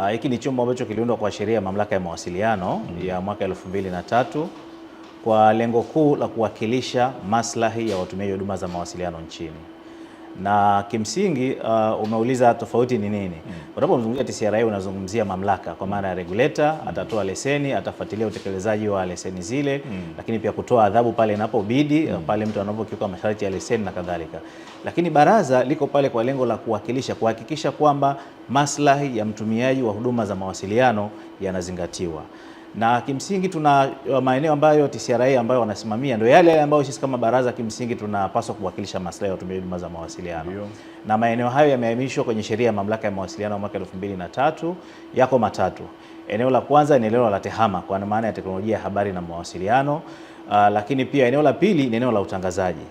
Ah, hiki ni chombo ambacho kiliundwa kwa sheria ya mamlaka ya mawasiliano mm. ya mwaka na tatu kwa lengo kuu la kuwakilisha maslahi ya watumiaji huduma za mawasiliano nchini na kimsingi uh, umeuliza tofauti ni nini? Mm. Unapomzungumzia TCRA unazungumzia mamlaka kwa maana ya regulator, mm. atatoa leseni, atafuatilia utekelezaji wa leseni zile, mm. lakini pia kutoa adhabu pale inapobidi, mm. pale mtu anapokiuka masharti ya leseni na kadhalika. Lakini baraza liko pale kwa lengo la kuwakilisha, kuhakikisha kwamba maslahi ya mtumiaji wa huduma za mawasiliano yanazingatiwa na kimsingi tuna uh, maeneo ambayo TCRA ambayo wanasimamia ndio yale yale ambayo sisi kama baraza kimsingi tunapaswa kuwakilisha maslahi ya watumiaji huduma za mawasiliano Ndiyo. na maeneo hayo yameainishwa kwenye sheria ya mamlaka ya mawasiliano ya mwaka tatu yako matatu. Eneo la kwanza ni eneo la TEHAMA kwa maana ya teknolojia ya habari na mawasiliano. Uh, lakini pia eneo la pili ni eneo la utangazaji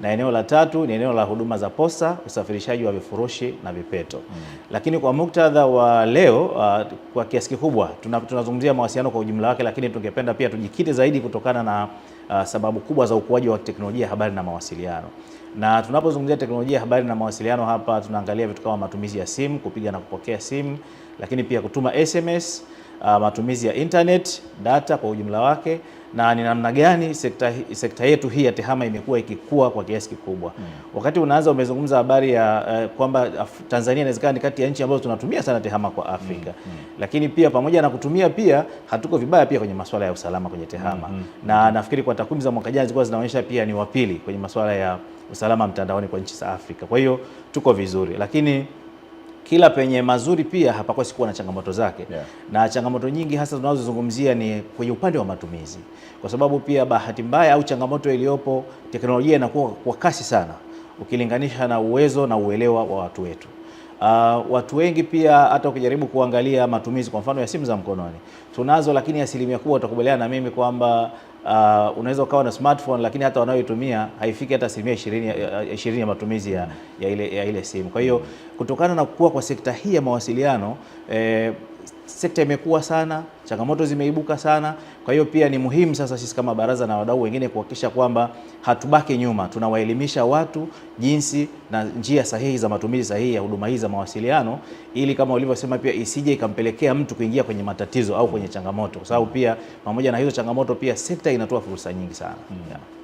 na eneo la tatu ni eneo la huduma za posta, usafirishaji wa vifurushi na vipeto mm. Lakini kwa muktadha wa leo uh, kwa kiasi kikubwa tunazungumzia tuna mawasiliano kwa ujumla wake, lakini tungependa pia tujikite zaidi kutokana na uh, sababu kubwa za ukuaji wa teknolojia habari na mawasiliano na tunapozungumzia teknolojia habari na mawasiliano hapa tunaangalia vitu kama matumizi ya simu, kupiga na kupokea simu, lakini pia kutuma SMS, uh, matumizi ya internet, data kwa ujumla wake na ni namna gani sekta, sekta yetu hii ya tehama imekuwa ikikua kwa kiasi kikubwa mm. Wakati unaanza umezungumza habari ya uh, kwamba Tanzania inawezekana ni kati ya nchi ambazo tunatumia sana tehama kwa Afrika mm. Mm. Lakini pia pamoja na kutumia pia hatuko vibaya pia kwenye masuala ya usalama kwenye tehama mm. Mm. Na nafikiri kwa takwimu za mwaka jana zilikuwa zinaonyesha pia ni wapili kwenye masuala ya usalama mtandaoni kwa nchi za Afrika. Kwa hiyo tuko vizuri lakini kila penye mazuri pia hapakuwa sikuwa na changamoto zake yeah. Na changamoto nyingi hasa tunazozungumzia ni kwenye upande wa matumizi, kwa sababu pia bahati mbaya au changamoto iliyopo, teknolojia inakuwa kwa kasi sana ukilinganisha na uwezo na uelewa wa watu wetu. Uh, watu wengi pia hata ukijaribu kuangalia matumizi kwa mfano ya simu za mkononi tunazo, lakini asilimia kubwa utakubaliana na mimi kwamba uh, unaweza ukawa na smartphone lakini hata wanayoitumia haifiki hata asilimia ishirini uh, ya matumizi ya, ya, ile, ya ile simu. Kwa hiyo kutokana na kukua kwa sekta hii ya mawasiliano eh, sekta imekuwa sana, changamoto zimeibuka sana. Kwa hiyo pia ni muhimu sasa sisi kama baraza na wadau wengine kuhakikisha kwamba hatubaki nyuma, tunawaelimisha watu jinsi na njia sahihi za matumizi sahihi ya huduma hizi za mawasiliano, ili kama ulivyosema pia isije ikampelekea mtu kuingia kwenye matatizo au kwenye changamoto, kwa sababu pia pamoja na hizo changamoto pia sekta inatoa fursa nyingi sana hmm, Yeah.